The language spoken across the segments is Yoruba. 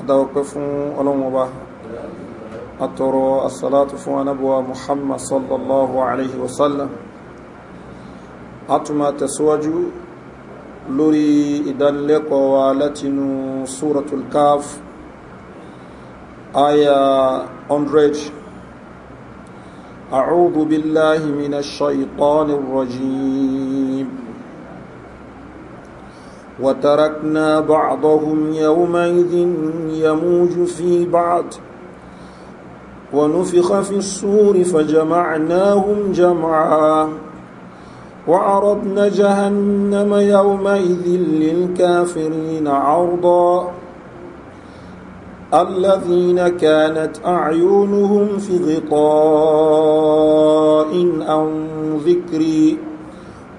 adáwọ̀pẹ́ fún ọlọ́run ọba àtọrọ asàlátù fún anábọ̀wà muhammad sallallahu alaihi wasallam a tún ma tẹ̀síwájú lórí ìdánilẹ́kọ̀ọ́ wa látinú suratul kaf aya 100 أعوذ بالله من الشيطان الرجيم وتركنا بعضهم يومئذ يموج في بعض ونفخ في الصور فجمعناهم جمعا وعرضنا جهنم يومئذ للكافرين عرضا الذين كانت أعينهم في غطاء عن ذكري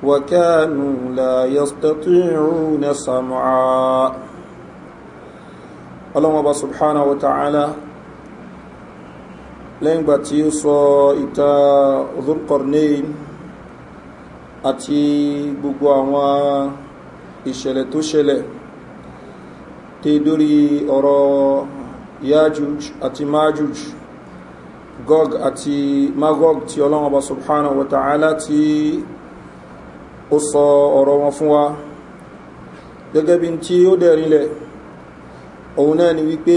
وكانوا لا يستطيعون سمعا الله سبحانه وتعالى lẹ́yìn gbà tí ó sọ ìta zulkarnain àti gbogbo àwọn ìṣẹ̀lẹ̀ tó ṣẹlẹ̀ tí dórí ọ̀rọ̀ yajuj àti majuj gog àti magog tí ọlọ́wọ́ba subhanahu wa ta'ala ti kó sọ ọ̀rọ̀ wọn fún wa gẹ́gẹ́ bí tí ó dẹ̀rinlẹ̀ òun náà ni wípé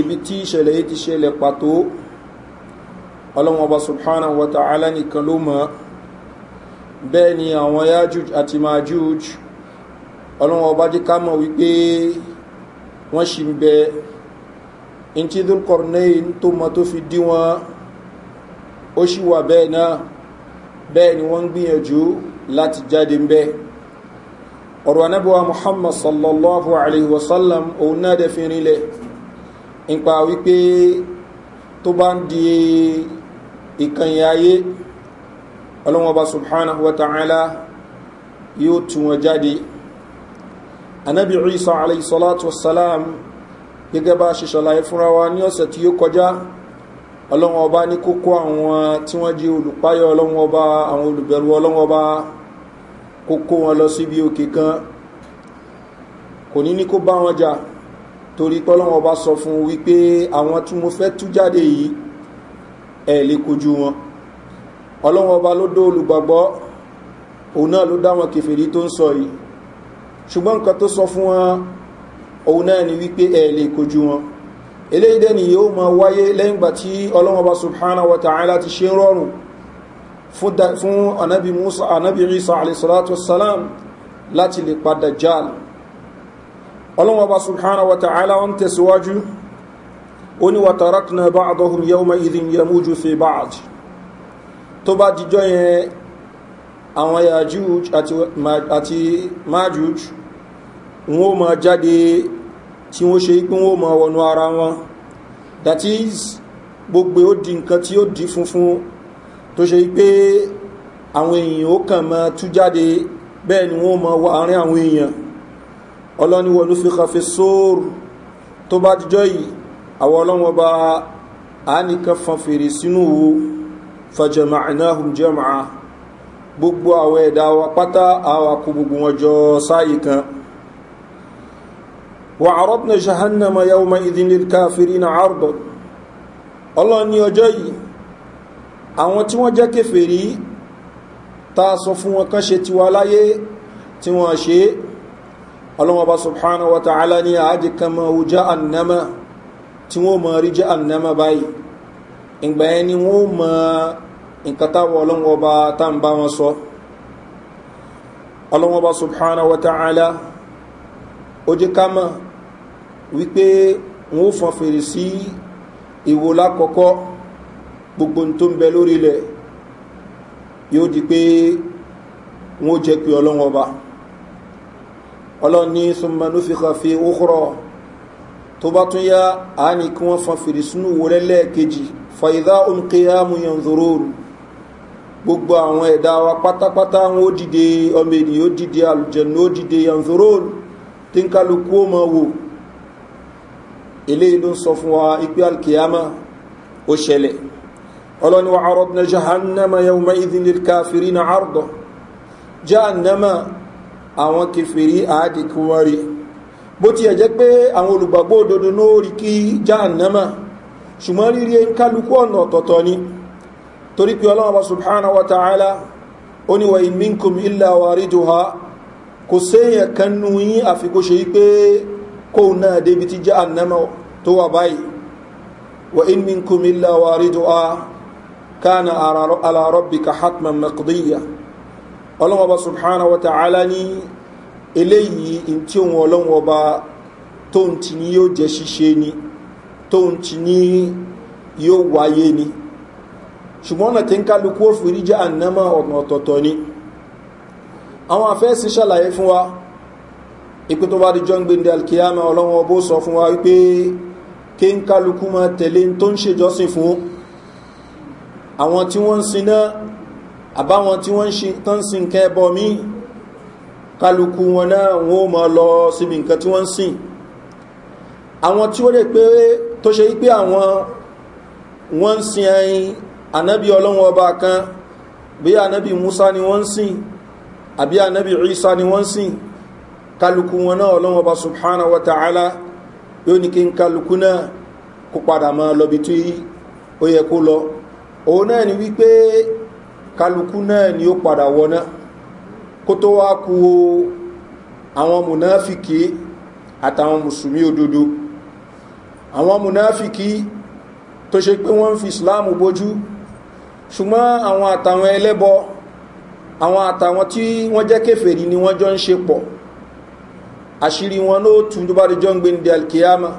ibi tí ìṣẹ̀lẹ̀ yìí ti ṣẹlẹ̀ pàtó ọlọ́wọ́ba subhanahu wa ta'ala ló mọ̀ bẹ́ẹ̀ ni àwọn yájúj àti májúj ọlọ́wọ́ba jí ká mọ̀ wípé wọ́n ṣì ń bẹ in tí dúrkọ̀rọ̀ náà tó mọ̀ tó fi dí ó ṣì wà bẹ́ẹ̀ náà bẹ́ẹ̀ ni wọ́n ń gbìyànjú láti jáde ń bẹ́ ọ̀rọ̀ anábíwá muhammad sallallahu alaihi wasallam òun náà dẹ̀ fi rinlẹ̀ nípa wípé tó bá ń di ìkànnì ayé ọlọ́wọ́ba subhanahu wa ta'ala yóò tún wọn jáde anábí isa alaihi salatu wasalam gẹ́gẹ́ bá ṣe fúnra wa ní ọ̀sẹ̀ tí yóò kọjá ọlọ́wọ́n ọba ní kókó àwọn tí wọ́n jẹ́ olùpáyọ̀ ọlọ́wọ́n ọba àwọn olùbẹ̀rù ọlọ́wọ́n ọba kókó wọn lọ síbi òkè kan kò ní ní kó bá wọn jà torí pọ́lọ́wọ́n ọba sọ fún wípé àwọn tí mo fẹ́ tú jáde yìí ẹ̀ lè kojú wọn ọlọ́wọ́n ọba ló dó olùgbàgbọ́ òun náà ló dá wọn kẹfìrí tó ń sọ yìí ṣùgbọ́n nǹkan tó sọ fún wọn òun náà ni wípé ẹ̀ lè kojú wọn eléyìí dẹ́ni yóò máa wáyé lẹ́yìn gbà tí ọlọ́mọba subhanahu wa ta'ala ti ṣe rọrùn fún anabi musa anabi isa alayhisalatu wasalam láti lè padà jáàlì ọlọ́mọba subhanahu wa ta'ala wọn tẹ̀síwájú ó ní wàtàrákùnà bá àdọ́hùn yẹ́ ọmọ ìdín fi báàjì tó bá dìjọ́ yẹn àwọn yàjúj àti májúj wọn ó jáde tí wọ́n ṣe pé wọ́n mọ̀ wọnú ara wọn that is gbogbo ó di nǹkan tí ó di funfun tó ṣe pé àwọn èèyàn ó kàn mọ́ tú jáde bẹ́ẹ̀ ni wọ́n mọ̀ wọ àárín àwọn èèyàn ọlọ́niwọ̀n fi kàfẹ́ sóòrù tó bá dijọ́ yìí àwọn ọlọ́wọ́ bá a nìkan fan fèrè sínú wo fàjẹ̀mà ìnáhùn jẹ́mà gbogbo àwọn ẹ̀dà wa pátá àwọn akó gbogbo wọn jọ sáyé kan وعرضنا جهنم يومئذ للكافرين عرضا ọlọ́run ní ọjọ́ yìí àwọn tí wọ́n jẹ́ kéfèrí ta sọ fún wọn kán ṣe tiwa láyé tí wọ́n ṣe ọlọ́wọ́ba subhanahu wa ta'ala ní àádì kama ojá annama tí wọ́n mọ̀ rí jẹ́ annama báyìí ìgbà ẹni wọ́n mọ̀ ìkàtàwọ̀ ọlọ́wọ́ba tá ń bá wọn sọ ọlọ́wọ́ba subhanahu wa ta'ala ó jẹ́ wípé wọn ó fọn fèrè sí ìwo lákọ̀ọ́kọ́ gbogbo tó ń bẹ lórí ilẹ̀ yóò di pé wọn ó jẹ́ pé ọlọ́wọ́n ọba ọlọ́run ní sọmọnú fi hàn fi ó tó bá tún yá àání kí wọ́n fọn fèrè sínú ìwo lẹ́lẹ́ẹ̀kejì fàyídá omkèyàmù yàn gbogbo àwọn ẹ̀dá wa pátápátá wọn ó dìde ọmọ ènìyàn ó dìde àlùjẹ̀nù ó dìde yàn zòróòrù tí ń kálukú ó mọ wò eléyìí ló ń sọ fún wa ipe alkiyama ó ṣẹlẹ̀ ọlọ́ni wa arọ́bìnà jahannama yau ma ìdílé káfírí na ardọ̀ jahannama àwọn kẹfìrí àádìkú wọn rí bó ti ẹ̀jẹ́ pé àwọn olùgbàgbọ́ òdodo ní ó rí kí jahannama ṣùgbọ́n rírí ń kálukú ọ̀nà ọ̀tọ̀ọ̀tọ̀ ni torí pé ọlọ́wọ́ subhanahu wa ta'ala ó ní wa ìmínkum ilẹ̀ àwárí jù ha kò séyẹ̀ kannú yí àfikóṣe yí pé kóun náà débi tí jẹ́ ànámọ́ tó wà báyìí wa in min kumila wa ridu a kana ala rabbi ka hatman maqdiya ọlọ́wọ́ba subhanahu wa ta'ala ní eléyìí in tí òun ọlọ́wọ́ba tóun ti ní yóò jẹ́ ṣíṣe ni tóun ti ní yóò wáyé ni ṣùgbọ́n ọ̀nà tí ń kálukú ó jẹ́ ànámọ́ ọ̀tọ̀ọ̀tọ̀ ni àwọn afẹ́sí ṣàlàyé fún wa ipe tó bá di john gbende alkiyama ọlọ́wọ́ bó sọ fún wa wípé kí n kálukú ma tẹ̀lé tó ń ṣèjọsìn fún àwọn tí wọ́n ń siná àbáwọn tí wọ́n ń sin kẹ́bọ̀ mí kálukú wọn náà wọ́n ma lọ síbi nǹkan tí wọ́n ń sìn àwọn tí ó lè pé tó ṣe wípé àwọn wọ́n ń sin ẹyin anábì ọlọ́wọ́ ọba kan bí anábì musa ni wọ́n ń sìn àbí anábì isa ni wọ́n ń sìn kálukú wọn náà ọlọ́wọ́n bá subhana wa ta'ala yóò ní kí n kálukú náà kó padà máa lọ́bi tí ó yẹ kó lọ òun náà ni wípé kálukú náà ni ó padà wọná kó tó wá ku àwọn mùnáfìkì àtàwọn mùsùlùmí òdodo àwọn mùnáfìkì tó ṣe pé wọ́n ń fi islam bójú ṣùgbọ́n àwọn àtàwọn ẹlẹ́bọ àwọn àtàwọn tí wọ́n jẹ́ kéfèrí ni wọ́n jọ ń ṣe pọ̀ àṣírí wọn ló tún tó bá di jọ́ ń gbé ní alkiyama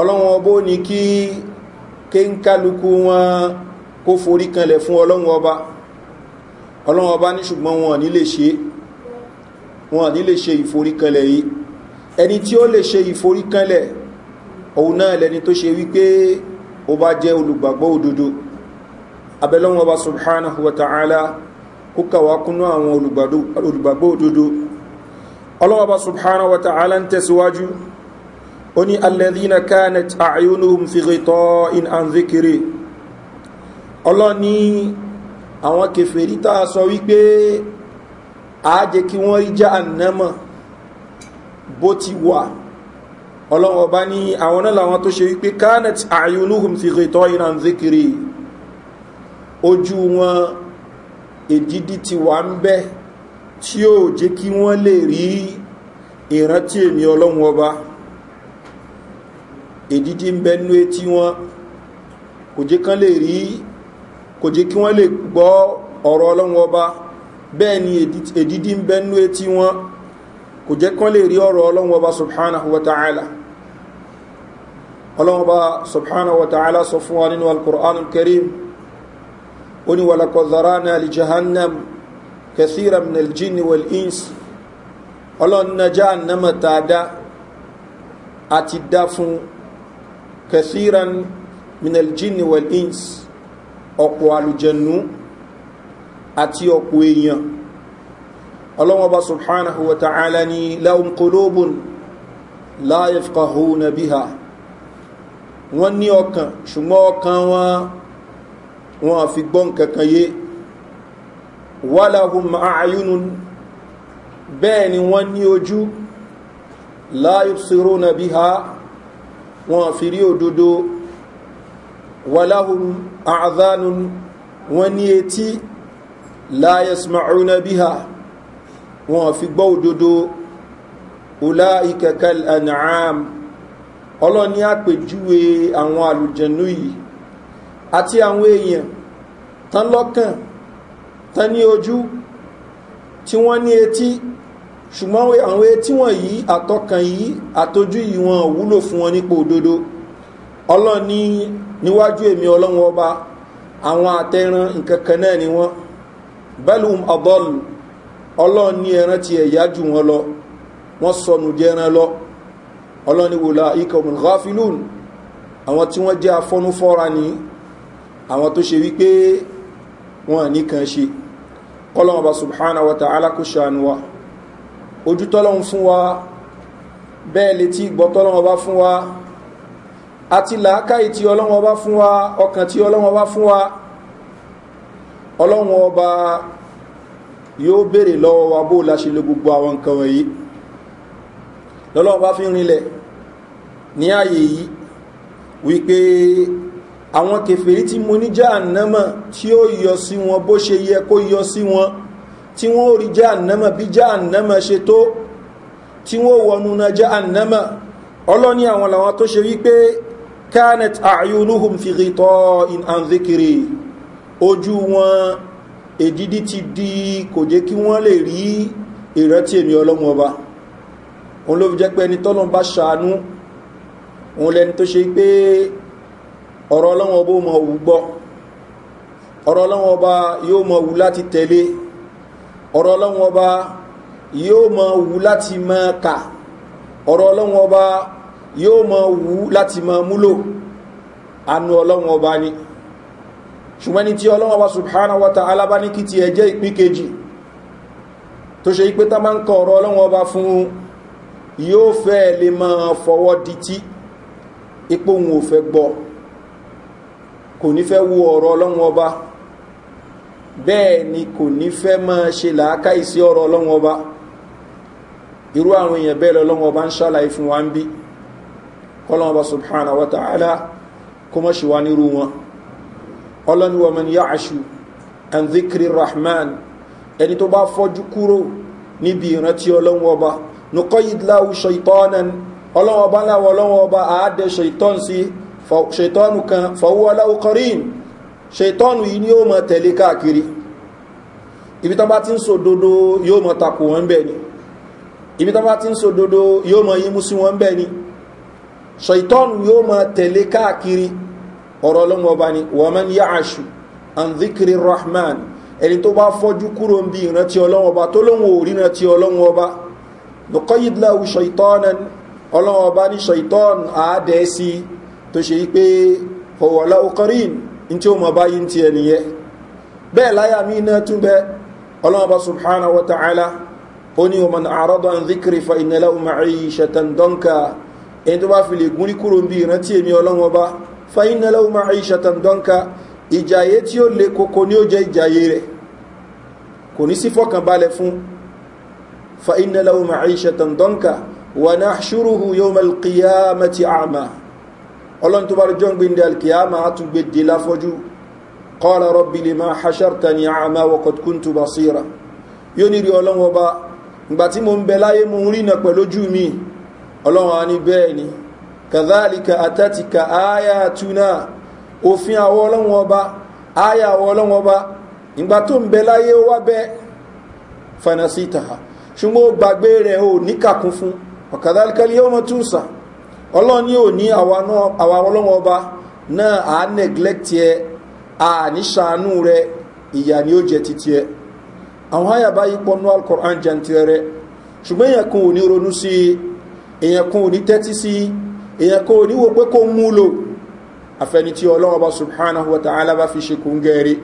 ọlọ́wọ́n ọbó ní kí kéńkálukú wọn kó forí kanlẹ̀ fún ọlọ́wọ́n ọba ọlọ́wọ́n ọba ní ṣùgbọ́n wọn ní lè ṣe wọn ní lè ṣe yìí ẹni tí ó lè ṣe ìforíkanlẹ̀ òun náà lẹni tó ṣe wípé ó bá jẹ́ olùgbàgbọ́ òdodo abẹ́lọ́wọ́n ọba subhanahu wa ta'ala kó kàwákúnú àwọn olùgbàgbọ́ òdodo ọlọ́wọ́ba subhanahu wa ta'ala ń tẹ̀síwájú ó ní alẹ́dínà kánẹt àyónúhùn fìrìtọ́ in an zikiri ọlọ́ni àwọn kèfèrí tàà sọ wípé àájẹ kí wọ́n rí já ànámọ̀ bó ti wà ọlọ́wọ́ba ní àwọn náà làwọn tó ṣe wípé kánẹt àyónúhùn fìrìtọ́ in an zikiri ojú wọn èdídí ti wà ń bẹ́ẹ̀ tí ó jẹ́ kí wọ́n lè rí ìrántí èmì ọlọ́run ọba èdídí ń bẹnú etí wọn kò jẹ́ kán lè rí kò jẹ́ kí wọ́n lè gbọ́ ọ̀rọ̀ ọlọ́run ọba bẹ́ẹ̀ ni èdídí ń bẹnú etí wọn kò jẹ́ kán lè rí ọ̀rọ̀ ọlọ́run ọba subhanahu wa ta'ala ọlọ́run ọba subhanahu wa ta'ala sọ fún wa nínú alkur'an karim ó ní wàlàkọ̀ zara náà lè kẹsíra mìnàlìjìnì wẹ̀l ins ọlọ́nàjà nàmà tààdá àti dá fún kẹsíra mìnàlìjìnì wẹ̀l ins ọ̀pọ̀ àlùjẹ̀nú àti ọ̀pọ̀ èèyàn ọlọ́wọ́ba subhanahu wa ta'ala ni láwọn kolóbùn láyẹ̀fkàhùn nàbíhà wọ́n ní ọkàn ṣùgbọ́n ọkàn wọn wọn fi gbọ́n kankan yé wàláhùn ààyùn bẹ́ẹ̀ ni wọ́n ní ojú láyùsírò na bí ha wọ́n fi rí òdodo wàláhùn àádánun wọ́n ní etí láyẹsmàrún na bí ha wọ́n fi gbọ́ òdodo ọlá ìkẹ̀kẹ́ ànàám ọlọ́ni àpèjúwe àwọn àlùjẹ̀nú yìí àti àwọn èèyàn tán lọ́kàn tán ní ojú tí wọ́n ní etí ṣùgbọ́n àwọn etí wọ̀n yìí àtọkàn yìí àtojú yìí wọn wúlò fún wọn nípò òdodo ọlọ́run ní níwájú èmi ọlọ́run ọba àwọn àtẹran nǹkan náà ni wọ́n bẹ́lú ọ̀bọ́ọ̀lù ọlọ́run ní ẹran ti ẹ̀yà jù wọn lọ wọ́n sọnù jẹ́ ẹran lọ ọlọ́run ní wòlá ikọ̀ mùgáfílùn àwọn tí wọ́n jẹ́ afọ́núfọ́ra ni àwọn tó ṣe wípé wọn ní kan ṣe kọ́lọ́wọ́n bá subhana wa ta'ala kò ṣàánú wa ojú tọ́lọ́wọ́n fún wa bẹ́ẹ̀ létí gbọ́ tọ́lọ́wọ́n bá fún wa àti làákàyè tí ọlọ́wọ́n bá fún wa ọkàn tí ọlọ́wọ́n bá fún wa ọlọ́wọ́n yóò béèrè lọ́wọ́ wa bó láṣe lé gbogbo àwọn nǹkan àwọn kèfèrí tí mo ní jáànámà tí ó yọ sí wọn bó ṣe yẹ kó yọ sí wọn tí wọ́n rí jáànámà bí jáànámà ṣe tó tí wọ́n wọnú na jáànámà ọlọ́ni àwọn làwọn tó ṣe wípé kanet ayunuhum fi rìtọ́ in anzikiri ojú wọn èdídí ti di kò jẹ́ kí wọ́n lè rí ìrántí èmi ọlọ́mọ ọba òun ló fi jẹ́ pé ẹni tọ́lọ́ bá ṣàánú òun lẹni tó ṣe pé ọ̀rọ̀ ọlọ́wọ́n bó mọ̀ wù gbọ́ ọ̀rọ̀ ọlọ́wọ́n ọba yóò mọ̀ wù láti tẹ̀lé ọ̀rọ̀ ọlọ́wọ́n ọba yóò mọ̀ wù láti mọ̀ kà ọ̀rọ̀ ọlọ́wọ́n ọba yóò mọ̀ wù láti mọ̀ múlò anú ọlọ́wọ́n ọba ni ṣùgbọ́n tí ọlọ́wọ́n subhanahu wa ta'ala bá ní kí ti ẹ̀jẹ́ ìpín kejì tó ṣe ipé tá máa ń kọ ọ̀rọ̀ ọlọ́wọ́n ọba fún yóò fẹ́ lè máa fọwọ́ di tí ipò òun ò fẹ́ gbọ́ kò ní fẹ́ wo ọ̀rọ̀ ọlọ́run ọba bẹ́ẹ̀ ni kò ní fẹ́ máa ṣe làákàyè sí ọ̀rọ̀ ọlọ́run ọba irú àwọn èèyàn bẹ́ẹ̀ lọ́lọ́run ọba ń ṣàlàyé fún wa ń bí kọ́lọ́run ọba subhana wa ta'ala kó mọ̀ ṣe wa nírú wọn ọlọ́ni wa man yaṣu an zikri rahman ẹni tó bá fọ́jú kúrò níbi ìrántí ọlọ́run ọba nukọ́ yìí láwù ṣe ìtọ́nan ọlọ́run ọba láwọn ọlọ́run ọba àádẹ́ ṣe ìtọ́n ṣètọ́nù kan fọwọ́lá ọkọrin ṣètọ́nù yìí ni ó mọ̀ tẹ̀lé káàkiri ibi tán bá ti ń sòdodo yóò mọ̀ takò wọn bẹ́ẹ̀ ni ibi tán bá ti ń sòdodo yóò mọ̀ yímú sí wọn bẹ́ẹ̀ ni ṣètọ́nù yóò mọ̀ tẹ̀lé káàkiri ọ̀rọ̀ ọlọ́mọ ọba ni wọ́n mọ̀ ní yáàṣù tó ṣe wípé ọ̀wọ̀lá ọkọrin in tí ó mọ̀ báyí ti ẹniyẹ bẹ́ẹ̀ láyà mí náà tún bẹ́ ọlọ́ọ̀bá subhanahu wa ta'ala ó ní ọmọ àrọ́dọ̀ ń zikiri fa ìnẹ̀lá umarí ṣẹ̀tàn dọ́nka ẹni tó bá fi lè gúnrí kúrò bí ìrántí èmi ọlọ́wọ́ bá fa ìnẹ̀lá umarí ṣẹ̀tàn dọ́nka ìjàyé tí ó le koko ní ó jẹ́ ìjàyé rẹ̀ kò ní sí fọ́kànbalẹ̀ fún fa ìnẹ̀lá umarí ṣẹ̀tàn dọ́nka wà náà ṣúrùhù yóò mẹ́lì ọlọ́run tó bá rọjọ́ ń gbé ní alkiyama a tún gbé dé láfọ́jú kọ́lá rọ́bì lè máa haṣarta ní àmà wọ̀kọ̀tkún tó bá síra yóò ní rí ọlọ́run ọba ìgbà tí mo ń bẹ láyé mo ń rìnà pẹ̀lú ojú mi ọlọ́run a ní bẹ́ẹ̀ ni kàzálìkà àtàtìkà áyà túnà òfin àwọ ọlọ́run ọba áyà àwọ ọlọ́run ọba ìgbà tó ń bẹ láyé ó wá bẹ́ fanasita ṣùgbọ́n ó gbàgbé rẹ̀ ó níkàkún fún ọ̀kàzálìkà lè yọ́ mọ́ túnṣà ọlọ́ni ò ní àwa ọlọ́wọ́ ọba náà à á neglect ẹ à ní sàánú rẹ ìyà ni ó jẹ títí ẹ àwọn àyà báyìí pọnú alkoran jantirẹ rẹ ṣùgbọ́n èèyàn kan ò ní ronú sí i èèyàn kan ò ní tẹ́tí sí i èèyàn kan ò ní wo pé kó mú lò afẹni tí ọlọ́wọ́ bá subhanahu wa ta'ala bá fi ṣe kún gẹ́rí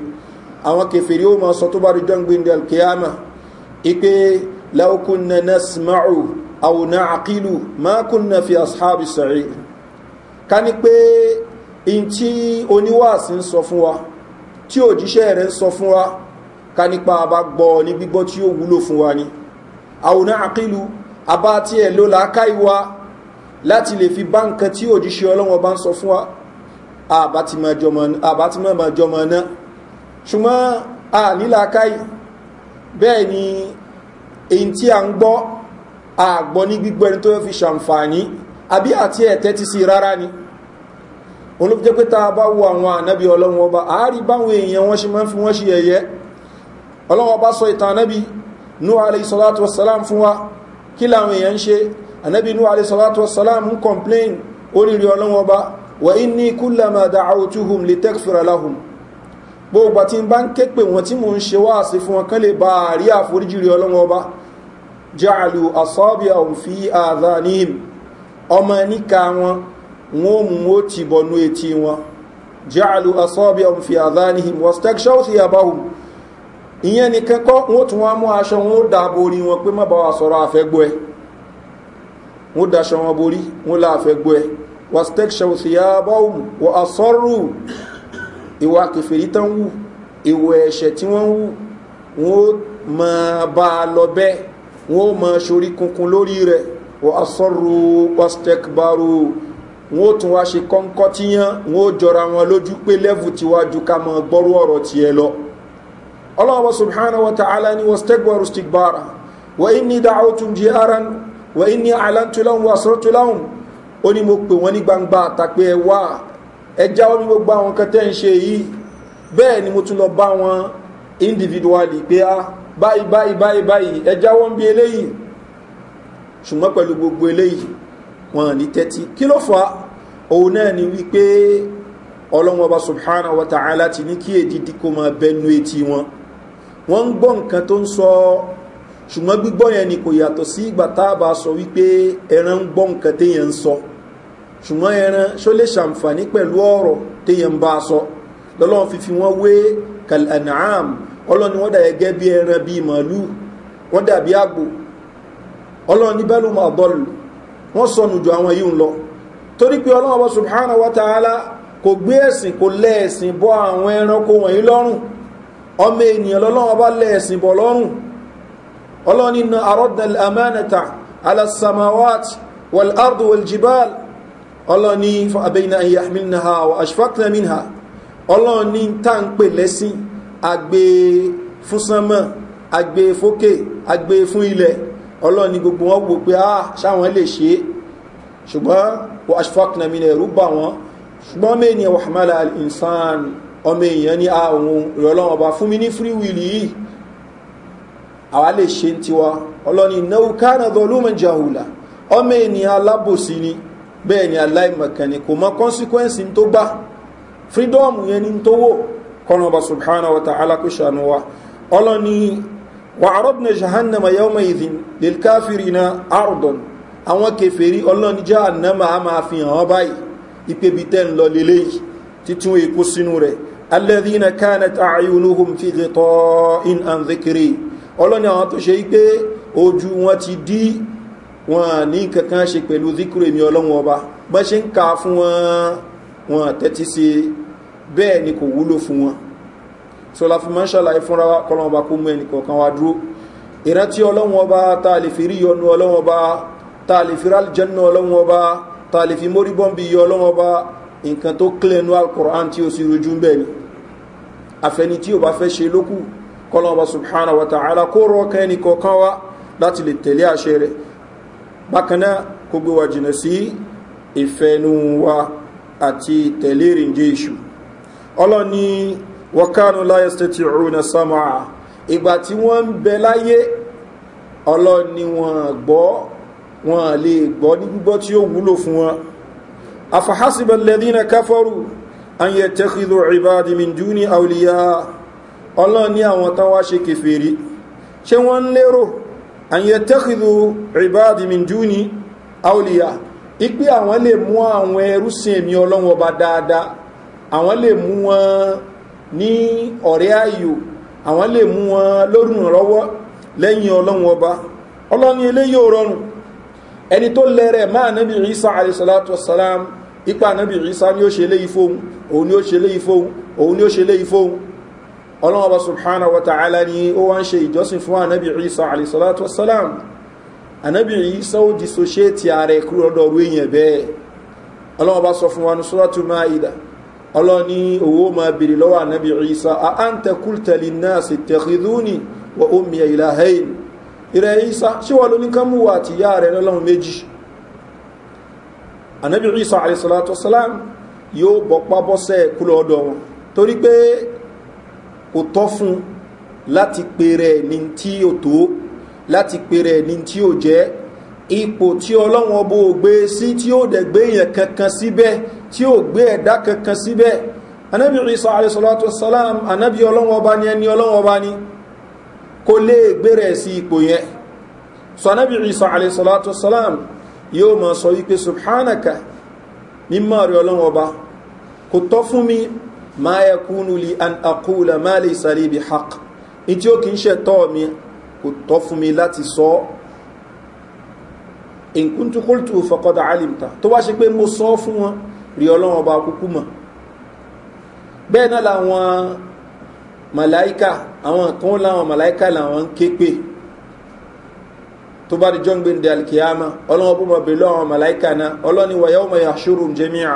àwọn kẹfẹ̀rí ó ma sọ tó bá rí jọ́ngbìn del kiyama ipé laukun na nasma'u àwọn náà àkílù máa kúnnà fi asáàbì sàrí ká ní pé in tí oníwàásí ń sọ fún wa tí òjíṣẹ́ rẹ̀ ń sọ fún wa ká nípa àbá gbọ́ ní gbígbọ́ tí ó wúlò fún wa ni àwọn náà àkílù àbá tí ẹ̀ ló làákà ìwà láti lè fi bá tí òjíṣẹ́ ọlọ́wọ́ bá ń sọ fún wa àbá bẹ́ẹ̀ ni èyí tí a ń gbọ́ àgbọ́ ní gbígbọ́ ẹni tó yẹ fi ṣàǹfààní àbí àti ẹ̀tẹ́ ti sí rárá ni olóbìjẹ́ pé tàà bá wo àwọn ànábì ọlọ́run ọba àárí báwọn èèyàn wọ́n ṣe máa ń fi wọ́n ṣe ẹ̀yẹ́ ọlọ́run ọba sọ ìtàn ànábì nú aleyhisalatu wasalam fún wa kí làwọn èèyàn ń ṣe ànábì nú aleyhisalatu wasalam ń complain oríire ọlọ́run jaalu asọ́bí ọ̀nfí àdánìm ọmọ níka wọn wọn mú ó ti bọ̀nú etí wọn jaalu asọ́bí ọ̀nfí àdánìm wọ́stẹ́kṣọ́ sí àbáhùn ìyẹn ni kẹ́kọ́ wọ́n tún wọ́n mú aṣọ wọn ó dáa borí wọn pé má bá wa sọ̀rọ̀ àfẹ́gbọ́ wọ́n daṣọ wọn borí wọ́n láàfẹ́gbọ́ wọ́n asọ́rù wọ́n ó mọ ṣorí kunkun lórí rẹ̀ wọ́n asọ́rù pọ́stẹ́kbárò wọ́n ó tún wá ṣe kọ́ńkọ́ tíyán wọ́n ó jọra wọn lójú pé lẹ́fù tiwájú ká mọ gbọ́rú ọ̀rọ̀ tiẹ̀ lọ ọlọ́wọ́ subhanahu wa ta'ala ni wọ́n stẹ́gbọ́rù stigbara wa inni da'autum jiharan wa inni alantulahun wa asratulahun ó ní mo pè wọ́n ní gbangba àtàpé ẹwà ẹjá omi gbogbo àwọn kẹtẹ́ ń báyìí báyìí báyìí báyìí ẹjá wọ́n ń bí eléyìí ṣùgbọ́n pẹ̀lú gbogbo eléyìí wọn ní tẹ́tí kí ló fa òun náà ni wípé ọlọ́wọ́n ọba subhana wa ta'ala ti ní kí èdìdí kó máa bẹnu etí wọn wọ́n ń gbọ́ nǹkan tó ń sọ ṣùgbọ́n gbígbọ́ yẹn ni kò yàtọ̀ sí ìgbà táàbà sọ wípé ẹran ń gbọ́ nǹkan téèyàn ń sọ ṣùgbọ́n ẹran ṣó lè ṣàǹfààní pẹ̀lú ọ̀rọ̀ téèyàn ń bá a sọ lọ́lọ́run fífi wọ́n wé kàlànàám ọlọ́ni wọ́n dà gẹ́gẹ́ bí ẹran bí màálù wọ́n dàbí àgbò ọlọ́ni bẹ́lú ma bọ́ọ̀lù wọ́n sọnù jù àwọn yìí ń lọ torí pé ọlọ́run ọba subhanahu wa ta'ala kò gbé ẹ̀sìn kò lẹ́ẹ̀sìn bọ́ àwọn ẹranko wọ̀nyí lọ́rùn ọmọ ènìyàn lọ́lọ́run ọba lẹ́ẹ̀sìn bọ̀ lọ́rùn ọlọ́ni na arọ́dàl amánata alasamawat wal ardu wal jibal ọlọ́ni fa abẹ́yìn ahìyà minha wa ashfaqna minha ọlọ́ni tá ń pè lẹ́sìn Agbe fún sánmọ̀ agbe fókè agbe fún ilẹ̀ ọlọ́ni gbogbo wọn gbò pé ah sáwọn lè ṣe ṣùgbọ́n wọ́n aṣfàkìnà mi rẹ̀ rúbà wọn ṣùgbọ́n mẹ́ni wàhálà al-insan ọmọ èèyàn ní àwọn ìrọ̀lọ́wọ̀n ọba fún mi ní free will yìí àwa lè ṣe ń tiwa ọlọ́ni náà kánà dọ̀lúmọ̀ jahula ọmọ ènìyàn alábòsí ni bẹ́ẹ̀ ni consequence tó freedom yẹn kọ́nà ọba subhanahu wa ta'ala kò ṣàánú wa ọlọ́ni wa arọ́dùn jahannama yawma idhin lil kafirina ardon àwọn kẹfẹ́rí ọlọ́ni jahannama a máa fi hàn báyìí ìpèbí tẹ́ ń lọ lélẹ́yìí títún èkó sínú rẹ̀ alẹ́dínà kánat àyùnúhùn fi gẹ̀tọ́ in and zikiri ọlọ́ni àwọn tó ṣe pé ojú wọn ti dí wọn ní kankan ṣe pẹ̀lú zikiri mi ọlọ́run ọba bọ́n ṣe ń ka fún wọn wọn tẹ́tí sí bẹ́ẹ̀ ni kò wúlò fún wọn so la fi mọ́ ṣàlàyé fúnra wa kọ́lọ́n ọba kó mú ẹnì kọ̀ọ̀kan wa dúró ìrántí ọlọ́run ọba tá a lè fi rí yọnu ọlọ́run ọba tá a lè fi ráljẹ́nu ọlọ́run ọba tá a subhanahu wa ta'ala kó rọ ọkàn ẹnì kọ̀ọ̀kan wa láti lè tẹ̀lé àṣẹ rẹ̀ bákan náà kó tẹ̀lé ìrìnjẹ́ ìṣù ọlọ́ni wọ́kánú láyé stétì rúnà sámà ìgbà tí wọ́n ń bẹ láyé ọlọ́ni wọ́n gbọ́ wọ́n lè gbọ́ ní gbígbọ́ tí ó wúlò fún wọn afahasibar lẹ́dínà káfọ́rù an yẹ tẹ́kìdò ìbádi min dúní àwòlíyá ọlọ́ni àwọn tán wá ṣe kèfèrí ṣe wọ́n lérò an tẹ́kìdò ìbádi min àwọn lè mú wọn ní ọ̀rẹ́ ayò àwọn lè mú wọn lórùn rọwọ́ lẹ́yìn ọlọ́run ọba ọlọ́ni ilé yóò rọrùn ẹni tó lẹ́rẹ̀ máa nábi ìrísà àrísàlátọ̀sálám ipa nábi ìrísà ni ó ṣe lé ifóhun òun ni ó ṣe lé ifóhun òun ni ó ṣe lé ifóhun ọlọ́run ọba subhanahu wa ta'ala ni ó wá ń ṣe ọlọ́ni owó ma bèèrè lọ́wọ́ ànábì ìsá a án tẹkùltẹ̀lì náà sì tẹ̀kìdúnì wà ó mi ìlà hain ìrẹ̀ ìsá síwọ́ ló ní kánmùwà àti yá rẹ̀ lọ́lọ́run méjì ànábì ìsá àrẹsàlátọ́sálám yóò bọ̀pá bọ́sẹ̀ kúlọ̀ ọ̀dọ̀ wọn torí pé kò tọ́ fún láti pèrè ní tí ó tó láti pèrè ní tí ó gbé ẹ̀dá kankan síbẹ̀ anábì isa alẹ́sọ̀lọ́tọ̀ salam anábì ọlọ́wọ́ bá ní ẹni ọlọ́wọ́ bá ní kó lè gbẹ̀rẹ̀ sí ipò yẹn so anábì isa alẹ́sọ̀lọ́tọ̀ salam yóò mọ̀ sọ wípé subhanaka mímọ̀ rí ọlọ́wọ́ bá kò tọ́ fún mi ma yẹ kúnu li an akúla in tí ó kì alimta tó wá ṣe pé mo sọ fún wọn rí ọlọ́run ọba kúkú mọ̀ bẹ́ẹ̀ náà làwọn màláíkà àwọn kan láwọn màláíkà làwọn ń ké pè tó bá di jọ́ǹgbé ndé alikiyama ọlọ́run ọba bèè lọ́wọ́ màláíkà náà ọlọ́ni wàyà ọmọ yà ṣòro jẹ́míà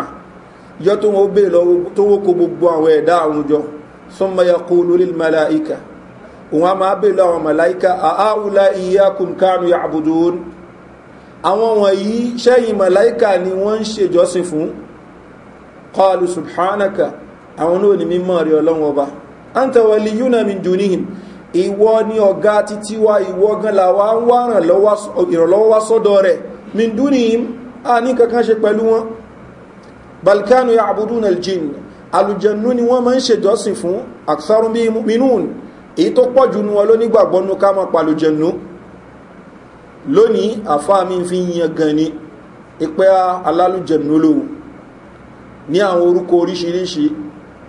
yọ tó wọn o lọ tó wó ko gbogbo àwọn ẹ̀dá sọmọ yà kó lórí màláíkà òun a máa bèè lọ́wọ́ màláíkà àáwùlá ìyákùn kánú yà àwọn wọ̀nyí sẹ́yìn màláíkà ni wọ́n ń ṣèjọ́sìn fún qalu subhanaka àwọn náà ni mímọ̀ rí ọlọ́run ọba anta wali yuna min dunihim ìwọ ni ọ̀gá títí wa ìwọ gan làwa ń wá ìrànlọ́wọ́ wá sọ́dọ̀ rẹ̀ min dunihim a ní kankan ṣe pẹ̀lú wọn balkanu ya abudun aljin alùjẹ̀nú ni wọ́n ma ń ṣèjọ́sìn fún aksarun bí ní àwọn orúkọ oríṣiríṣi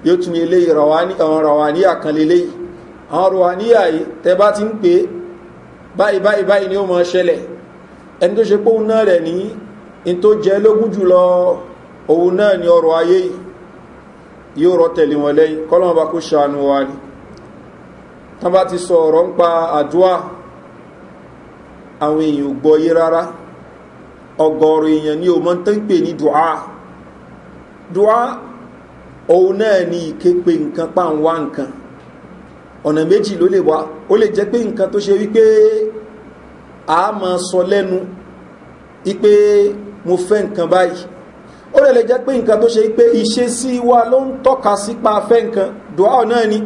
yóò tún ní ilé àwọn ràwàníyà kan lélé àwọn ràwàníyà yìí tẹ bá ti ń pè báyìí báyìí báyìí ni ó mọ ṣẹlẹ̀ ẹni tó ṣe póun náà rẹ̀ ní in tó jẹ lógún jùlọ òun náà ni ọrọ̀ ayé yóò rọ tẹ̀lé wọn lẹ́yìn kọ́lọ́mọba kó ṣàánú ni tán bá ti ń pè ní dùá dùá òun náà ni ìké pé nǹkan pa ń wá nǹkan ọ̀nà méjì ló lè wá ó lè jẹ́ pé nǹkan tó ṣe wípé a máa sọ lẹ́nu wípé mo fẹ́ nǹkan báyìí ó lè jẹ́ pé nǹkan tó ṣe wípé iṣẹ́ sí wa ló ń tọ́ka sípa fẹ́ nǹkan dùá ọ̀ náà ni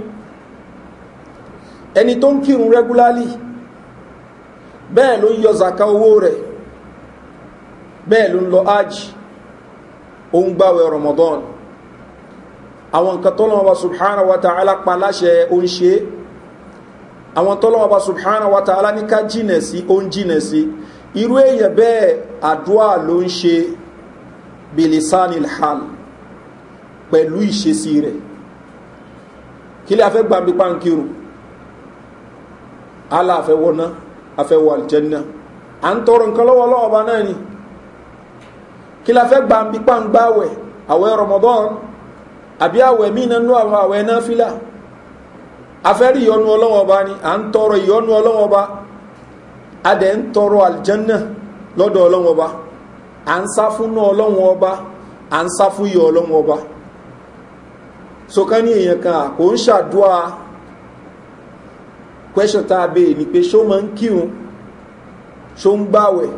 ẹni tó ń kírun rẹ́gúlálì bẹ́ẹ̀ ló ń yọ zaka owó rẹ̀ bẹ́ẹ̀ ló ń lọ ájì ó ń gbáwẹ̀ ramadan àwọn nǹkan tọ́lọ́wọ́ bá subhanahu wa ta'ala pa láṣẹ ó ń ṣe àwọn tọ́lọ́wọ́ bá subhanahu wa ta'ala ní ká jìnà sí ó ń jìnà sí irú èyàn bẹ́ẹ̀ àdúà ló ń ṣe bilisanil hal pẹ̀lú ìṣesí rẹ̀ kí lè afẹ́ gbàmí pàǹkìrù ala afẹ́ wọná afẹ́ wọ à ń tọrọ nǹkan lọ́wọ́ lọ́wọ́ náà ni kí la fẹ́ gbàǹbí pàǹgbà wẹ̀ àwẹ̀ rọmọdán àbí àwẹ̀ míì náà nú àwọn àwẹ̀ náà fílà afẹ́rí ìyọnu ọlọ́wọ́ ọba ni à ń tọrọ ìyọnu ọlọ́wọ́ ọba a dẹ̀ ń tọrọ àlìjánná lọ́dọ̀ ọlọ́wọ́ ọba à ń sá fún náà ọlọ́wọ́ à ń sá fún ìyọ ọlọ́wọ́ ọba èèyàn kan kò ń ṣàdúrà question tá ni pé ṣó máa ń kírun ṣó ń gbàwẹ̀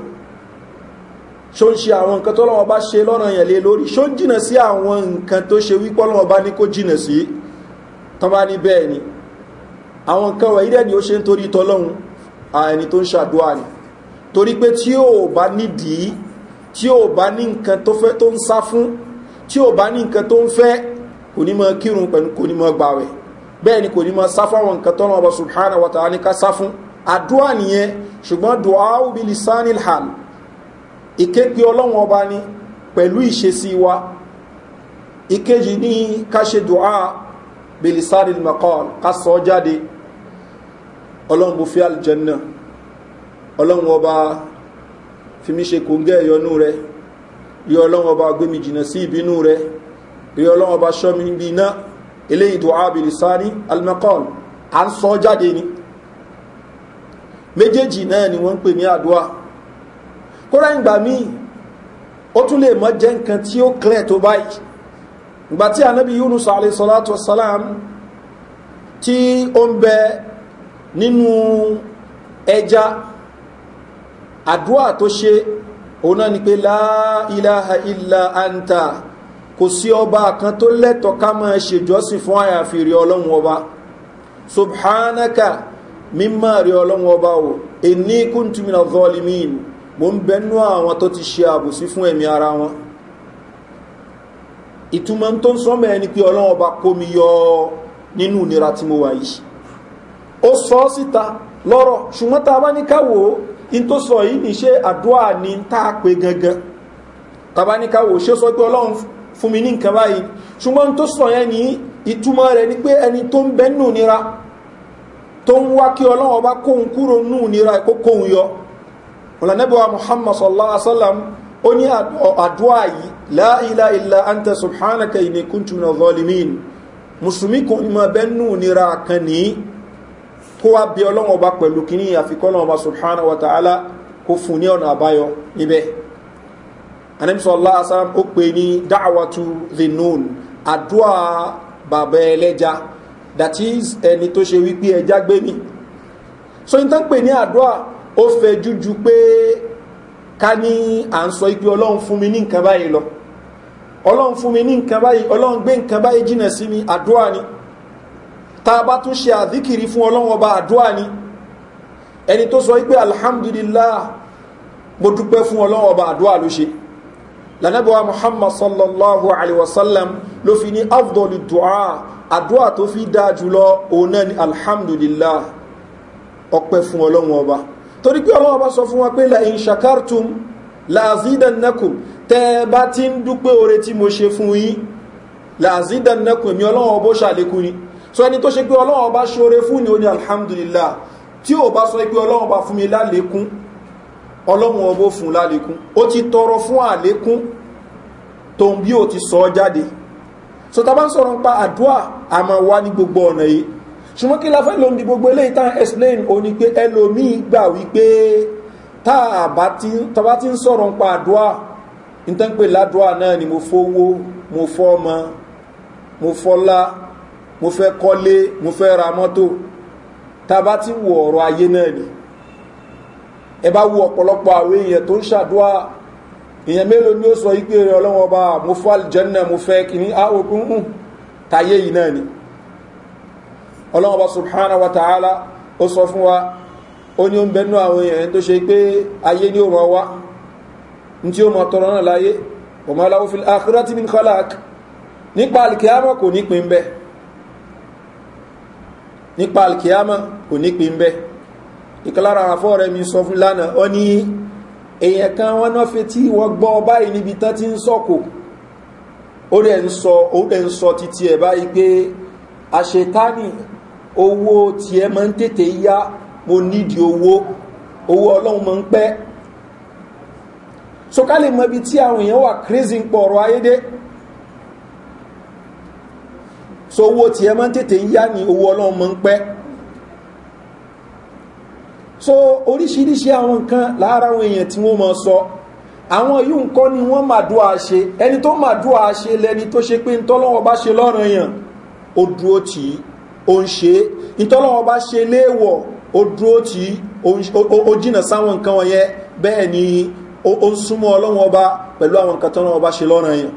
ṣó ń ṣe àwọn nǹkan tó lọ́wọ́ bá ṣe lọ́nà yẹn lé lórí ṣó ń jìnà sí àwọn nǹkan tó ṣe wípọ́ lọ́wọ́ bá ní kó jìnà sí tán bá ní bẹ́ẹ̀ ni àwọn nǹkan wọ̀nyí dẹ̀ ni ó ṣe ń torí tọ́lọ́hun ẹni tó ń ṣàdúrà ni torí pé tí ò bá nídìí tí ò bá ní nǹkan tó fẹ́ tó ń sá fún tí ò bá ní nǹkan tó ń fẹ́ kò ní mọ kírun pẹ̀lú kò ní mọ gbàwẹ̀ bẹ́ẹ̀ ni kò ní mọ sá fún nǹkan tọ́lọ́wọ́ subhanahu wa ta'ala ní ká sá fún àdúrà nìyẹn ṣùgbọ́n dùn áwùbí lisanil hàn ìképe ọlọ́wọ́n ọba ni pẹ̀lú ìṣesí wa ìkéjì ní káṣe dùá belisari makol kásọ jáde ọlọ́run bó fi aljanna ọlọ́run ọba fi mí ṣe kòǹgẹ́ ẹ̀yọnú rẹ rí ọlọ́run ọba gbémi jìnà sí ìbínú rẹ rí ọlọ́run ọba ṣọ́mi bí iná eléyìí dùá belisari almakol à ń sọ jáde ni méjèèjì náà ni wọ́n ń pè ní àdúrà kóra ìgbà míì ó tún lè mọ́ jẹ́ nǹkan tí ó clear tó báyìí ìgbà tí anábi yunus alayhisalatu wasalam tí ó ń bẹ nínú ẹja àdúrà tó ṣe òun náà ni pé láìláha ilá àǹtà kò sí ọba kan tó lẹ́tọ̀ ká máa ṣèjọ́sìn fún àyàfìrí ọlọ́run ọba subhanaka mímọ̀ rí ọlọ́run ọba o èní kúntùmínà zọlímìn mo ń bẹnú àwọn tó ti ṣe àbòsí fún ẹ̀mí ara wọn ìtumọ̀ tó ń sọ́mọ̀ ẹni pé ọlọ́wọ́ bá kó mi yọ nínú ìnira tí mo wà yìí ó sọ ọ́ síta lọ́rọ̀ ṣùgbọ́n tá a bá ní káwò in tó sọ yìí níṣe àdúrà ní tá a pé gangan tá bá ní káwò ṣé sọ pé ọlọ́run fún mi ní nǹkan báyìí ṣùgbọ́n tó sọ yẹn ní ìtumọ̀ rẹ̀ ni pé ẹni tó ń bẹ́ nù nira tó ń wá kí ọlọ́run bá kóhun kúrò nù nira kó kóhun yọ ọ̀lànẹ́bọ̀wà muhammad sallallahu alaihi wasallam ó ní àdúwà yìí láìlá ilá àǹtà subhanaka ìní kúntùmínà zolimin musulmi kò ní ma bẹ́nu nira kan ní kó wá bí ọlọ́wọ́ bá pẹ̀lú kíní àfikọ́lọ́wọ́ bá subhanahu wa ta'ala kó fún ní ọ̀nà àbáyọ níbẹ̀ anẹ́bísọ̀lá asáram that is ẹni tó ṣe so in tán pè ní àdúwà ó fẹ́ jújú pé ká ní à ń sọ ipe ọlọ́run fún mi ní nǹkan báyìí lọ ọlọ́run fún mi ní nǹkan báyìí ọlọ́run gbé nǹkan báyìí jìnà sí mi àdúrà ni tá bá tún ṣe àdíkìrí fún ọlọ́run ọba àdúrà ni ẹni tó sọ wípé alhamdulillah mo dúpẹ́ fún ọlọ́run ọba àdúrà ló ṣe lànàbíwá muhammad sallallahu alaihi wasallam ló fi ní afdọ́lì dùá àdúrà tó fi dáa jùlọ òun náà ni alhamdulillah ọpẹ́ fún ọlọ́run ọba torí pé ọlọ́wọ́ bá sọ fún wa pé la in shakartum làzídànnákùn tẹ́ bá ti ń dúpẹ́ oore tí mo ṣe fún yín làzídànnákùn èmi ọlọ́wọ́ bó ṣàlékún ni so ẹni tó ṣe pé ọlọ́wọ́ bá ṣoore fún ni ó ní alhamdulillah tí ò bá sọ pé ọlọ́wọ́ bá fún mi lálékún ọlọ́wọ́ ọbó fún lálékún ó ti tọrọ fún àlékún tó ń bí ó ti sọ ṣùgbọ́n kí la fẹ́ lòun di gbogbo eléyìí tán explain o ni pé ẹlòmíì gbà wípé tá a bá ti ń sọ̀rọ̀ ń pa àdúrà nítorí pé ládùúrà náà ni mo fowó mo fọ́mọ mo fọ́lá mo fẹ́ kọ́lé mo fẹ́ ra mọ́tò tá a bá ti wọ ọ̀rọ̀ ayé náà ni ẹ bá wo ọ̀pọ̀lọpọ̀ àwọn èèyàn tó ń ṣàdúrà èèyàn mélòó ni ó sọ yí pé ọlọ́wọ́n ọba mo fọ́ àlìjẹ́ náà mo fẹ́ kìíní àwọn òkú ń yìí náà ni ọlọ́wọ́n bá subhanahu wa ta'ala ó sọ fún wa ó ní ó ń bẹnu àwọn èèyàn tó ṣe pé ayé ní òmọ wá ní tí ó mọ tọrọ náà láyé ọmọ aláwọ̀ fi àkúrá tí mi kọ́lák nípa alkiyama kò ní pin bẹ́ nípa alkiyama kò ní pin ìkọlára àfọ́ rẹ̀ mi sọ fún lánàá ọ ní èèyàn kan wọ́n náà fi tí wọ́n gbọ́ báyìí níbi tán ti ń sọ́kò ó dẹ̀ ń sọ títí ẹ̀ báyìí pé àṣetáni owó tí ẹ máa ń tètè yá mo nídi owó owó ọlọ́run máa ń pẹ́ so ká lè mọ ibi tí àwọn èèyàn wà crazy ń pọ̀ ọ̀rọ̀ ayédé so owó tí ẹ máa ń tètè yá ni owó ọlọ́run máa ń pẹ́ so oríṣiríṣi àwọn nǹkan lára àwọn èèyàn tí wọ́n máa sọ àwọn yìí ń kọ́ ni wọ́n màdúwà ṣe ẹni tó màdúwà ṣe lẹni tó ṣe pé ń tọ́lọ́wọ́ bá ṣe lọ́rọ̀ èèyàn ó dúró tì í ó ń ṣe ìtọ́lọ́wọ́ bá ṣe léèwọ̀ ó dúró tí ó jìnà sáwọn nǹkan wọ̀nyẹ bẹ́ẹ̀ ni ó ń súnmọ́ ọlọ́wọ́ bá pẹ̀lú àwọn nǹkan tọ́lọ́wọ́ bá ṣe lọ́nà yẹn